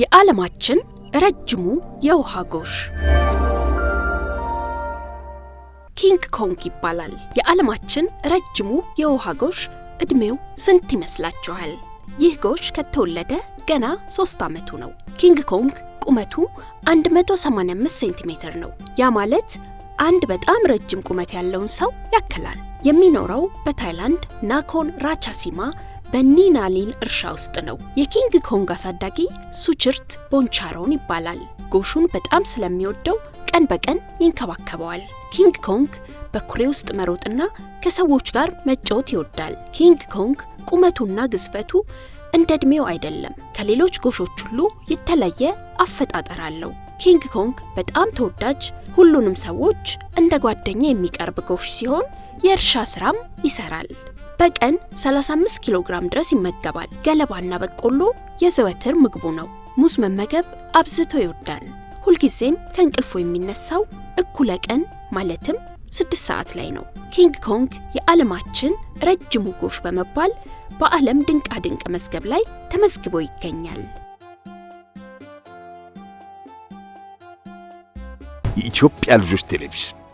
የዓለማችን ረጅሙ የውሃ ጎሽ ኪንግ ኮንግ ይባላል። የዓለማችን ረጅሙ የውሃ ጎሽ ዕድሜው ስንት ይመስላችኋል? ይህ ጎሽ ከተወለደ ገና ሶስት ዓመቱ ነው። ኪንግ ኮንግ ቁመቱ 185 ሴንቲሜትር ነው። ያ ማለት አንድ በጣም ረጅም ቁመት ያለውን ሰው ያክላል። የሚኖረው በታይላንድ ናኮን ራቻሲማ በኒናሊን እርሻ ውስጥ ነው። የኪንግ ኮንግ አሳዳጊ ሱችርት ቦንቻሮን ይባላል። ጎሹን በጣም ስለሚወደው ቀን በቀን ይንከባከበዋል። ኪንግ ኮንግ በኩሬ ውስጥ መሮጥና ከሰዎች ጋር መጫወት ይወዳል። ኪንግ ኮንግ ቁመቱና ግዝፈቱ እንደ ዕድሜው አይደለም፣ ከሌሎች ጎሾች ሁሉ የተለየ አፈጣጠር አለው። ኪንግ ኮንግ በጣም ተወዳጅ፣ ሁሉንም ሰዎች እንደ ጓደኛ የሚቀርብ ጎሽ ሲሆን የእርሻ ስራም ይሰራል። በቀን 35 ኪሎ ግራም ድረስ ይመገባል። ገለባና በቆሎ የዘወትር ምግቡ ነው። ሙዝ መመገብ አብዝቶ ይወዳል። ሁልጊዜም ከእንቅልፉ የሚነሳው እኩለ ቀን ማለትም ስድስት ሰዓት ላይ ነው። ኪንግ ኮንግ የዓለማችን ረጅሙ ጎሽ በመባል በዓለም ድንቃ ድንቅ መዝገብ ላይ ተመዝግቦ ይገኛል። የኢትዮጵያ ልጆች ቴሌቪዥን